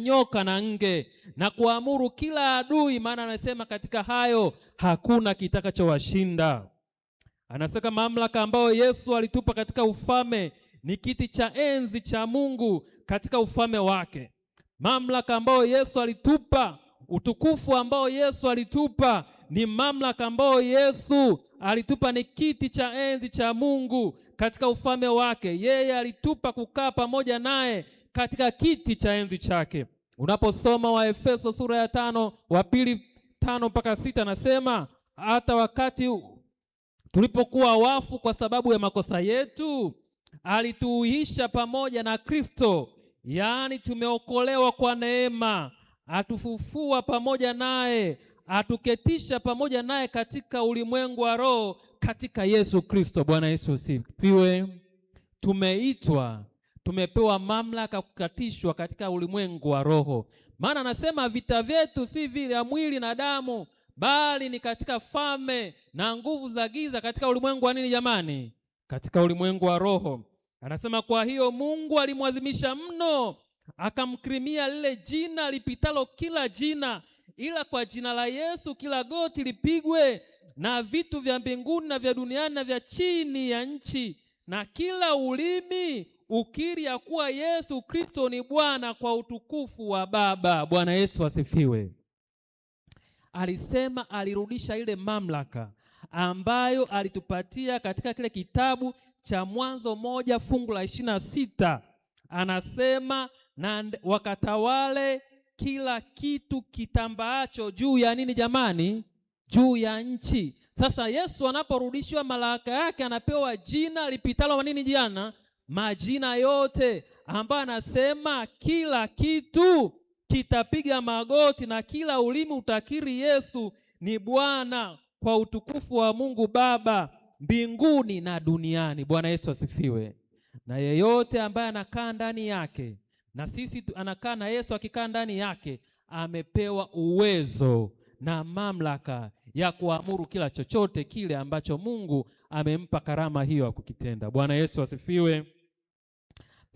nyoka na nge na kuamuru kila adui, maana anasema katika hayo hakuna kitakachowashinda. Anasema mamlaka ambayo Yesu alitupa katika ufalme ni kiti cha enzi cha Mungu katika ufalme wake, mamlaka ambayo Yesu alitupa, utukufu ambao Yesu alitupa ni mamlaka ambayo Yesu alitupa ni kiti cha enzi cha Mungu katika ufalme wake. Yeye alitupa kukaa pamoja naye katika kiti cha enzi chake. Unaposoma Waefeso sura ya tano wa pili tano mpaka sita nasema hata wakati tulipokuwa wafu kwa sababu ya makosa yetu, alituuisha pamoja na Kristo, yaani tumeokolewa kwa neema, atufufua pamoja naye, atuketisha pamoja naye katika ulimwengu wa roho katika Yesu Kristo. Bwana Yesu sifiwe. Tumeitwa tumepewa mamlaka kukatishwa katika ulimwengu wa roho. Maana anasema vita vyetu si ya mwili na damu, bali ni katika falme na nguvu za giza, katika ulimwengu wa nini jamani? Katika ulimwengu wa roho. Anasema kwa hiyo Mungu alimwadhimisha mno, akamkirimia lile jina lipitalo kila jina, ila kwa jina la Yesu kila goti lipigwe, na vitu vya mbinguni na vya duniani na vya chini ya nchi, na kila ulimi ukiri ya kuwa Yesu Kristo ni Bwana kwa utukufu wa Baba. Bwana Yesu asifiwe. Alisema alirudisha ile mamlaka ambayo alitupatia katika kile kitabu cha Mwanzo moja fungu la ishirina sita anasema na wakatawale kila kitu kitambaacho juu ya nini jamani? Juu ya nchi. Sasa Yesu anaporudishwa malaka yake anapewa jina lipitalo nini jana majina yote ambayo anasema kila kitu kitapiga magoti na kila ulimi utakiri Yesu ni Bwana kwa utukufu wa Mungu Baba mbinguni na duniani. Bwana Yesu asifiwe. Na yeyote ambaye anakaa ndani yake na sisi anakaa na Yesu akikaa ndani yake, amepewa uwezo na mamlaka ya kuamuru kila chochote kile ambacho Mungu amempa karama hiyo ya kukitenda. Bwana Yesu asifiwe.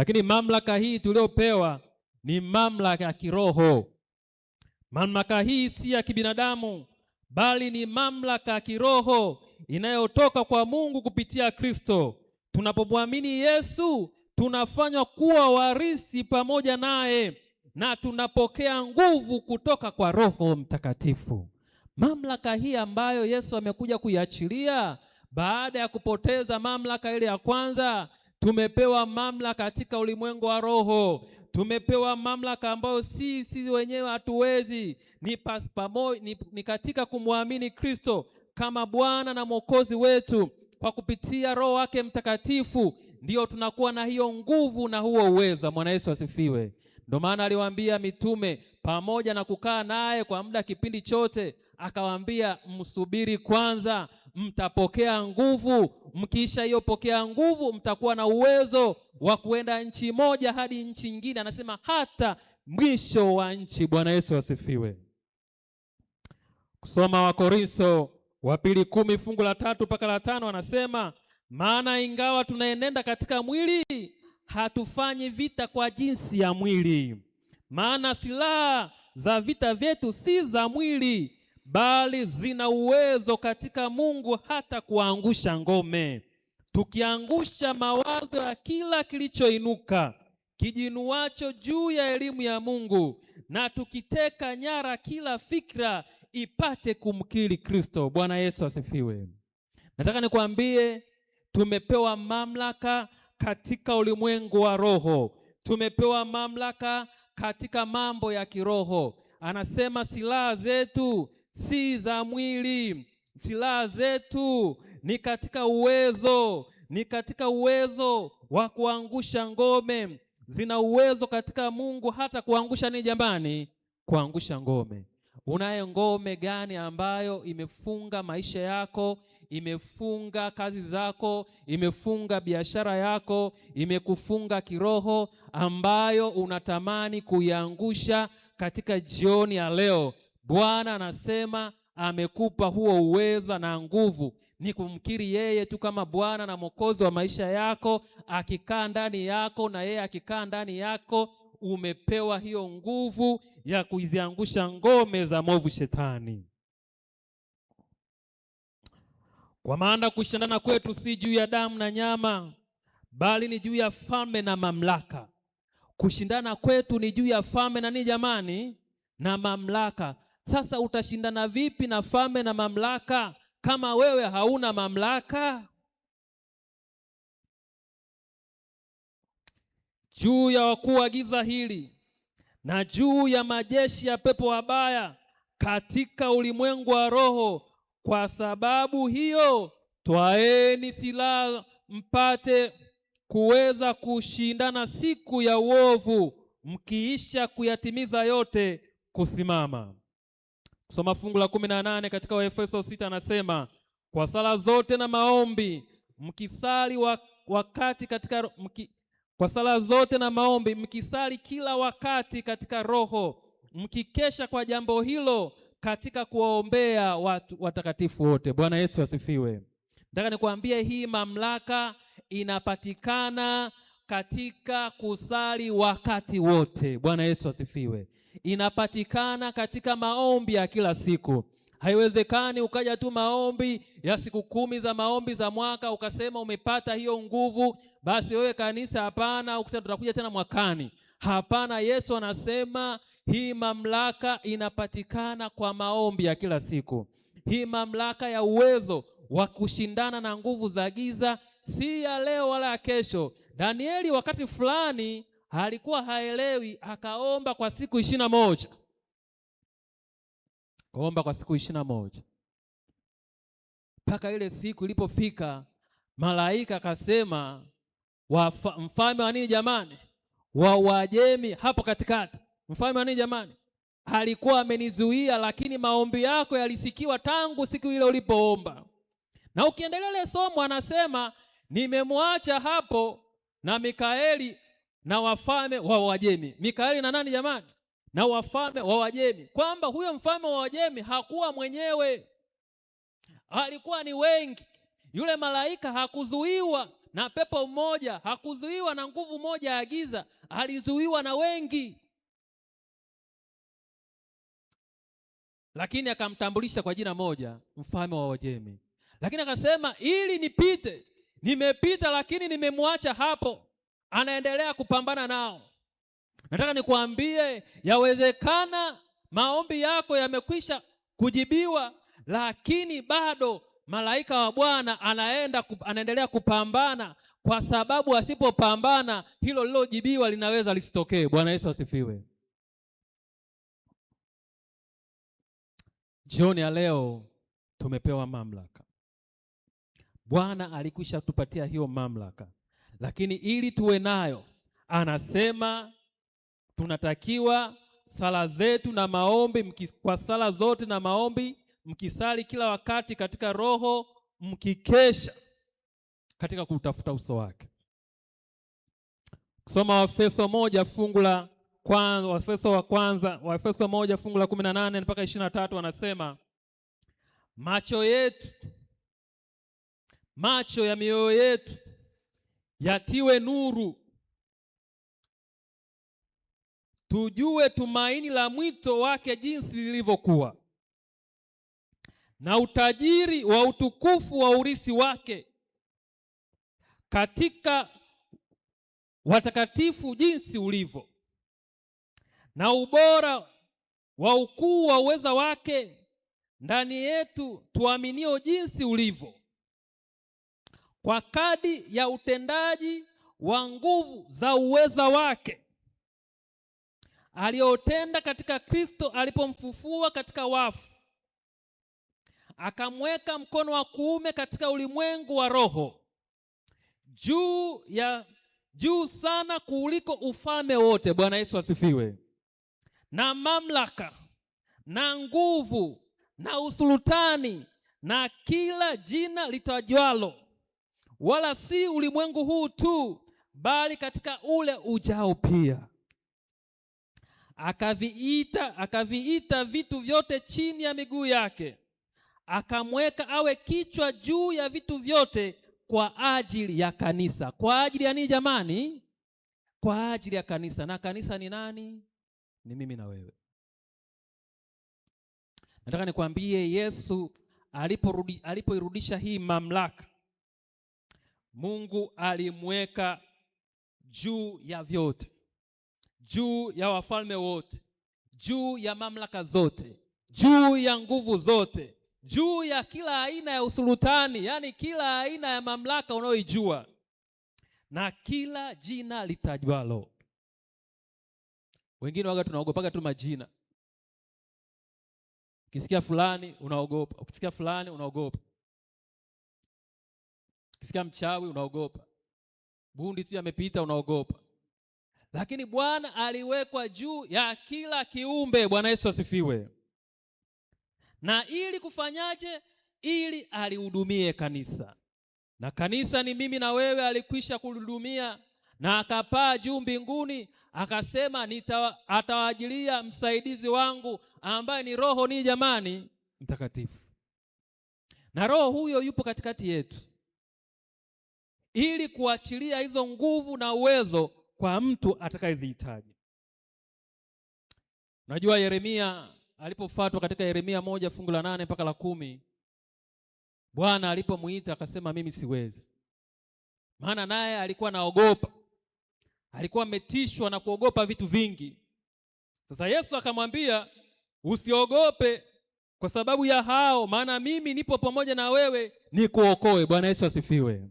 Lakini mamlaka hii tuliopewa ni mamlaka ya kiroho. Mamlaka hii si ya kibinadamu, bali ni mamlaka ya kiroho inayotoka kwa Mungu kupitia Kristo. Tunapomwamini Yesu, tunafanywa kuwa warisi pamoja naye na tunapokea nguvu kutoka kwa Roho Mtakatifu. Mamlaka hii ambayo Yesu amekuja kuiachilia baada ya kupoteza mamlaka ile ya kwanza Tumepewa mamlaka katika ulimwengu wa roho, tumepewa mamlaka ambayo si si wenyewe hatuwezi. Ni, ni, ni katika kumwamini Kristo kama Bwana na Mwokozi wetu kwa kupitia Roho wake Mtakatifu ndio tunakuwa na hiyo nguvu na huo uweza. Mwana Yesu asifiwe. Ndio maana aliwaambia mitume pamoja na kukaa naye kwa muda kipindi chote, akawaambia msubiri kwanza mtapokea nguvu. Mkiisha hiyo pokea nguvu, mtakuwa na uwezo wa kuenda nchi moja hadi nchi nyingine, anasema hata mwisho wa nchi. Bwana Yesu asifiwe. Kusoma Wakorintho wa pili kumi fungu la tatu mpaka la tano anasema maana ingawa tunaenenda katika mwili hatufanyi vita kwa jinsi ya mwili, maana silaha za vita vyetu si za mwili bali zina uwezo katika Mungu hata kuangusha ngome. Tukiangusha mawazo ya kila kilichoinuka kijinuacho juu ya elimu ya Mungu, na tukiteka nyara kila fikra ipate kumkiri Kristo. Bwana Yesu asifiwe. Nataka nikwambie, tumepewa mamlaka katika ulimwengu wa roho, tumepewa mamlaka katika mambo ya kiroho. Anasema silaha zetu si za mwili. Silaha zetu ni katika uwezo, ni katika uwezo wa kuangusha ngome. Zina uwezo katika Mungu hata kuangusha ni jamani, kuangusha ngome. unaye ngome gani ambayo imefunga maisha yako, imefunga kazi zako, imefunga biashara yako, imekufunga kiroho, ambayo unatamani kuiangusha katika jioni ya leo? Bwana anasema amekupa huo uweza na nguvu, ni kumkiri yeye tu kama Bwana na Mwokozi wa maisha yako. Akikaa ndani yako na yeye akikaa ndani yako, umepewa hiyo nguvu ya kuziangusha ngome za movu Shetani. Kwa maana kushindana kwetu si juu ya damu na nyama, bali ni juu ya falme na mamlaka. Kushindana kwetu ni juu ya falme na ni jamani, na mamlaka. Sasa utashindana vipi na fame na mamlaka kama wewe hauna mamlaka juu ya wakuu wa giza hili na juu ya majeshi ya pepo wabaya katika ulimwengu wa roho. Kwa sababu hiyo, twaeni silaha mpate kuweza kushindana siku ya uovu, mkiisha kuyatimiza yote kusimama soma fungu la kumi na nane katika Waefeso sita anasema kwa sala zote na maombi mkisali wakati katika mki, kwa sala zote na maombi mkisali kila wakati katika Roho mkikesha kwa jambo hilo katika kuwaombea watu watakatifu wote. Bwana Yesu asifiwe. Nataka nikuambie hii mamlaka inapatikana katika kusali wakati wote. Bwana Yesu asifiwe inapatikana katika maombi ya kila siku. Haiwezekani ukaja tu maombi ya siku kumi za maombi za mwaka ukasema umepata hiyo nguvu, basi wewe kanisa, hapana, tutakuja tena mwakani. Hapana, Yesu anasema hii mamlaka inapatikana kwa maombi ya kila siku. Hii mamlaka ya uwezo wa kushindana na nguvu za giza si ya leo wala ya kesho. Danieli wakati fulani alikuwa haelewi, akaomba kwa siku ishirini na moja kaomba kwa siku ishirini na moja mpaka ile siku ilipofika, malaika akasema mfalme wa nini jamani, wa Uajemi hapo katikati, mfalme wa nini jamani, alikuwa amenizuia, lakini maombi yako yalisikiwa tangu siku ile ulipoomba. Na ukiendelea ile somo, anasema nimemwacha hapo na Mikaeli na wafalme wa Wajemi. Mikaeli na nani jamani? Na wafalme wa Wajemi, kwamba huyo mfalme wa Wajemi hakuwa mwenyewe, alikuwa ni wengi. Yule malaika hakuzuiwa na pepo mmoja, hakuzuiwa na nguvu moja ya giza, alizuiwa na wengi, lakini akamtambulisha kwa jina moja, mfalme wa Wajemi. Lakini akasema ili nipite, nimepita, lakini nimemwacha hapo anaendelea kupambana nao. Nataka nikuambie, yawezekana maombi yako yamekwisha kujibiwa, lakini bado malaika wa Bwana anaenda anaendelea kupambana, kwa sababu asipopambana hilo lilojibiwa linaweza lisitokee. Bwana Yesu asifiwe. Jioni ya leo tumepewa mamlaka. Bwana alikwisha tupatia hiyo mamlaka lakini ili tuwe nayo, anasema tunatakiwa sala zetu na maombi mkis, kwa sala zote na maombi mkisali kila wakati katika roho mkikesha katika kutafuta uso wake. Kusoma Waefeso moja fungu la kwanza, Waefeso wa kwanza, Waefeso moja fungu la kumi na nane mpaka ishirini na tatu wanasema macho yetu, macho ya mioyo yetu yatiwe nuru, tujue tumaini la mwito wake jinsi lilivyokuwa, na utajiri wa utukufu wa urisi wake katika watakatifu jinsi ulivyo, na ubora wa ukuu wa uweza wake ndani yetu tuaminio jinsi ulivyo kwa kadi ya utendaji wa nguvu za uweza wake aliyotenda katika Kristo alipomfufua katika wafu, akamweka mkono wa kuume katika ulimwengu wa roho, juu ya juu sana kuliko ufalme wote. Bwana Yesu asifiwe! Na mamlaka na nguvu na usultani na kila jina litajwalo wala si ulimwengu huu tu, bali katika ule ujao pia. Akaviita akaviita vitu vyote chini ya miguu yake, akamweka awe kichwa juu ya vitu vyote kwa ajili ya kanisa. Kwa ajili ya nini jamani? Kwa ajili ya kanisa. Na kanisa ni nani? Ni mimi na wewe. Nataka nikwambie, Yesu alipoirudisha hii mamlaka Mungu alimweka juu ya vyote, juu ya wafalme wote, juu ya mamlaka zote, juu ya nguvu zote, juu ya kila aina ya usultani, yaani kila aina ya mamlaka unayoijua na kila jina litajwalo. Wengine waga tunaogopaga tu majina, ukisikia fulani unaogopa, ukisikia fulani unaogopa Ukisikia mchawi unaogopa, bundi tu amepita unaogopa, lakini Bwana aliwekwa juu ya kila kiumbe. Bwana Yesu asifiwe. Na ili kufanyaje? Ili alihudumie kanisa, na kanisa ni mimi na wewe. Alikwisha kuhudumia na akapaa juu mbinguni, akasema nita, atawaajilia msaidizi wangu ambaye ni Roho ni jamani Mtakatifu, na Roho huyo yupo katikati yetu ili kuachilia hizo nguvu na uwezo kwa mtu atakayezihitaji. Unajua Yeremia alipofuatwa katika Yeremia moja fungu la nane mpaka la kumi Bwana alipomuita akasema, mimi siwezi. Maana naye alikuwa naogopa, alikuwa ametishwa na kuogopa vitu vingi. Sasa Yesu akamwambia, usiogope kwa sababu ya hao, maana mimi nipo pamoja na wewe, nikuokoe. Bwana Yesu asifiwe.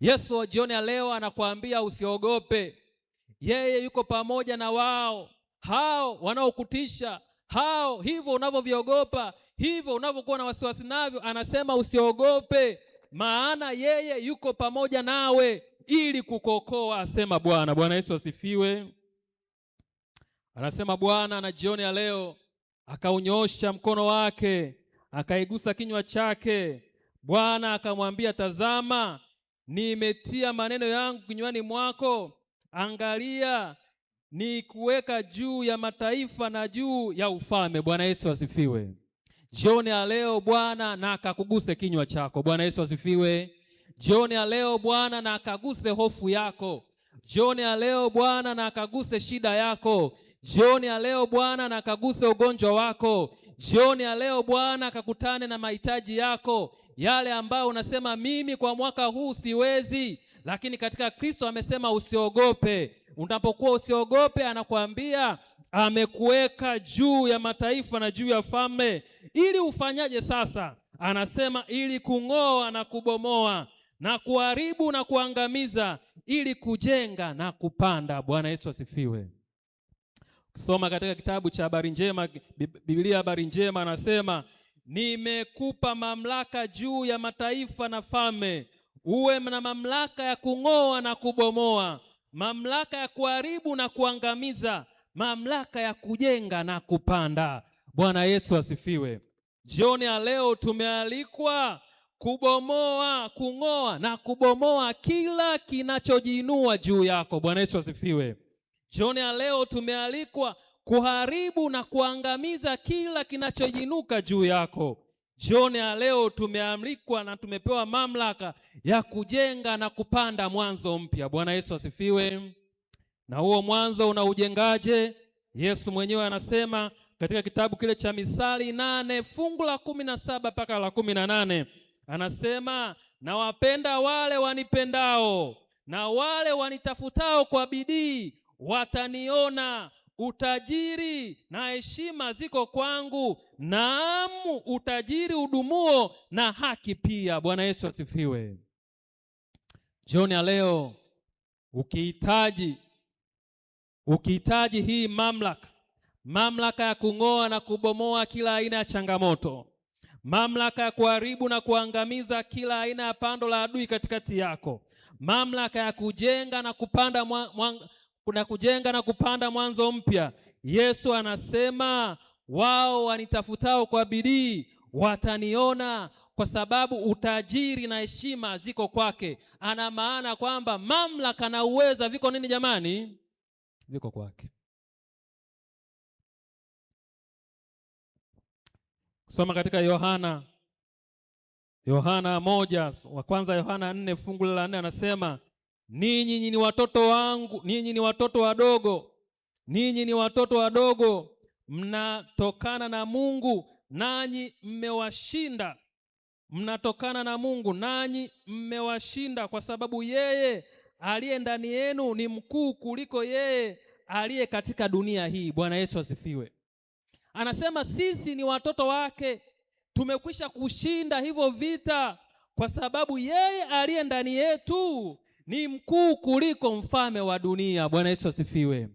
Yesu jioni ya leo anakuambia usiogope, yeye yuko pamoja na wao hao wanaokutisha hao. Hivyo unavyoviogopa, hivyo unavyokuwa na wasiwasi navyo, anasema usiogope, maana yeye yuko pamoja nawe ili kukokoa asema Bwana. Bwana Yesu asifiwe. Anasema Bwana na jioni ya leo akaunyosha mkono wake akaigusa kinywa chake, Bwana akamwambia, tazama nimetia maneno yangu kinywani mwako. Angalia, ni kuweka juu ya mataifa na juu ya ufalme. Bwana Yesu asifiwe. Jioni ya leo Bwana na akakuguse kinywa chako. Bwana Yesu asifiwe. Jioni ya leo Bwana na akaguse hofu yako. Jioni ya leo Bwana na akaguse shida yako. Jioni ya leo Bwana na akaguse ugonjwa wako. Jioni ya leo Bwana akakutane na mahitaji yako, yale ambayo unasema mimi kwa mwaka huu siwezi, lakini katika Kristo amesema usiogope. Unapokuwa usiogope, anakuambia amekuweka juu ya mataifa na juu ya falme. Ili ufanyaje sasa? Anasema ili kung'oa na kubomoa na kuharibu na kuangamiza, ili kujenga na kupanda. Bwana Yesu asifiwe. Soma katika kitabu cha habari njema, Biblia habari njema, anasema nimekupa mamlaka juu ya mataifa na falme, uwe na mamlaka ya kung'oa na kubomoa, mamlaka ya kuharibu na kuangamiza, mamlaka ya kujenga na kupanda. Bwana Yesu asifiwe. Jioni ya leo tumealikwa kubomoa, kung'oa na kubomoa kila kinachojiinua juu yako. Bwana Yesu asifiwe. Jioni ya leo tumealikwa kuharibu na kuangamiza kila kinachojinuka juu yako. Jioni ya leo tumeamlikwa na tumepewa mamlaka ya kujenga na kupanda mwanzo mpya. Bwana Yesu asifiwe. Na huo mwanzo unaujengaje? Yesu mwenyewe anasema katika kitabu kile cha Misali nane fungu la kumi na saba mpaka la kumi na nane anasema, nawapenda wale wanipendao na wale wanitafutao kwa bidii wataniona, utajiri na heshima ziko kwangu, naam, utajiri udumuo na haki pia. Bwana Yesu asifiwe. Jioni ya leo ukihitaji ukihitaji hii mamlaka, mamlaka ya kung'oa na kubomoa kila aina ya changamoto, mamlaka ya kuharibu na kuangamiza kila aina ya pando la adui katikati yako, mamlaka ya kujenga na kupanda mwa, kuna kujenga na kupanda mwanzo mpya. Yesu anasema wao wanitafutao kwa bidii wataniona, kwa sababu utajiri na heshima ziko kwake. Ana maana kwamba mamlaka na uweza viko nini jamani? Viko kwake. Soma katika Yohana Yohana moja wa kwanza Yohana nne fungu la nne anasema ninyi ni watoto wangu, ninyi ni watoto wadogo, ninyi ni watoto wadogo, mnatokana na Mungu nanyi mmewashinda. Mnatokana na Mungu nanyi mmewashinda, kwa sababu yeye aliye ndani yenu ni mkuu kuliko yeye aliye katika dunia hii. Bwana Yesu asifiwe. Anasema sisi ni watoto wake, tumekwisha kushinda hivyo vita, kwa sababu yeye aliye ndani yetu ni mkuu kuliko mfalme wa dunia. Bwana Yesu asifiwe.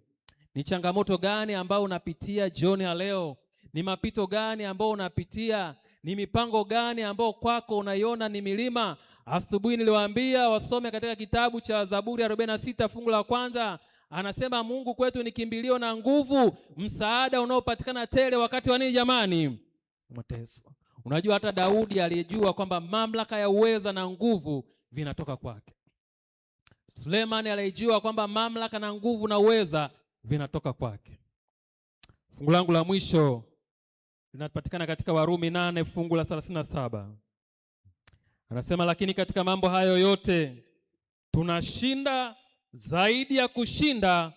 Ni changamoto gani ambayo unapitia jioni ya leo? Ni mapito gani ambayo unapitia? Ni mipango gani ambayo kwako unaiona ni milima? Asubuhi niliwaambia wasome katika kitabu cha Zaburi 46 fungu la kwanza. Anasema Mungu kwetu ni kimbilio na nguvu, msaada unaopatikana tele wakati wa nini jamani? Mateso. Unajua hata Daudi alijua kwamba mamlaka ya uweza na nguvu vinatoka kwake. Sulemani alijua kwamba mamlaka na nguvu na uweza vinatoka kwake. Fungu langu la mwisho linapatikana katika Warumi nane fungu la saba Anasema, lakini katika mambo hayo yote tunashinda zaidi ya kushinda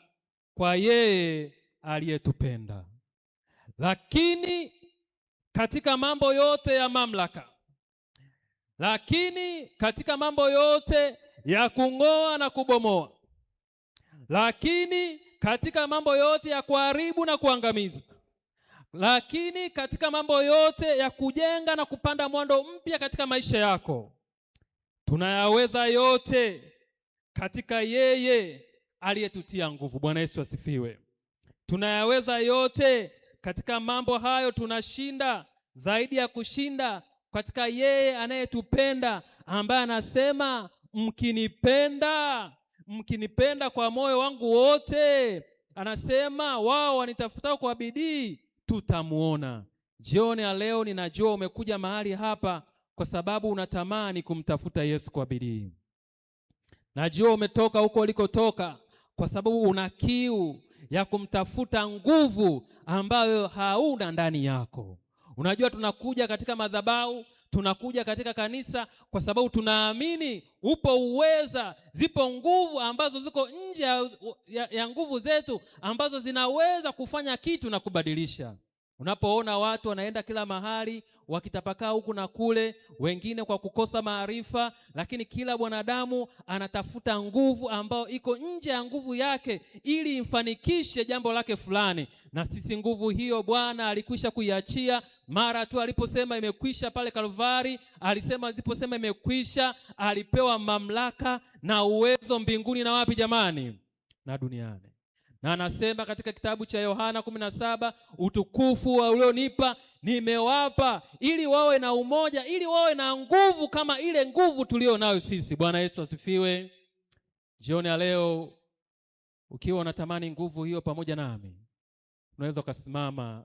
kwa yeye aliyetupenda. Lakini katika mambo yote ya mamlaka, lakini katika mambo yote ya kung'oa na kubomoa, lakini katika mambo yote ya kuharibu na kuangamiza, lakini katika mambo yote ya kujenga na kupanda mwando mpya katika maisha yako. Tunayaweza yote katika yeye aliyetutia nguvu. Bwana Yesu asifiwe. Tunayaweza yote katika mambo hayo, tunashinda zaidi ya kushinda katika yeye anayetupenda, ambaye anasema mkinipenda, mkinipenda kwa moyo wangu wote, anasema wao wanitafuta kwa bidii, tutamuona. Jioni ya leo ninajua umekuja mahali hapa kwa sababu unatamani kumtafuta Yesu kwa bidii. Najua umetoka huko ulikotoka kwa sababu una kiu ya kumtafuta nguvu ambayo hauna ndani yako. Unajua tunakuja katika madhabahu Tunakuja katika kanisa kwa sababu tunaamini upo uweza, zipo nguvu ambazo ziko nje ya, ya, ya nguvu zetu ambazo zinaweza kufanya kitu na kubadilisha. Unapoona watu wanaenda kila mahali wakitapakaa huku na kule, wengine kwa kukosa maarifa, lakini kila mwanadamu anatafuta nguvu ambayo iko nje ya nguvu yake ili imfanikishe jambo lake fulani. Na sisi nguvu hiyo Bwana alikwisha kuiachia mara tu aliposema imekwisha pale Kalvari, alisema aliposema imekwisha, alipewa mamlaka na uwezo mbinguni na wapi jamani? Na duniani. Na anasema katika kitabu cha Yohana 17, utukufu wa ulionipa nimewapa ili wawe na umoja, ili wawe na nguvu kama ile nguvu tulio nayo sisi. Bwana Yesu asifiwe. Jioni ya leo ukiwa unatamani nguvu hiyo pamoja nami, unaweza ukasimama.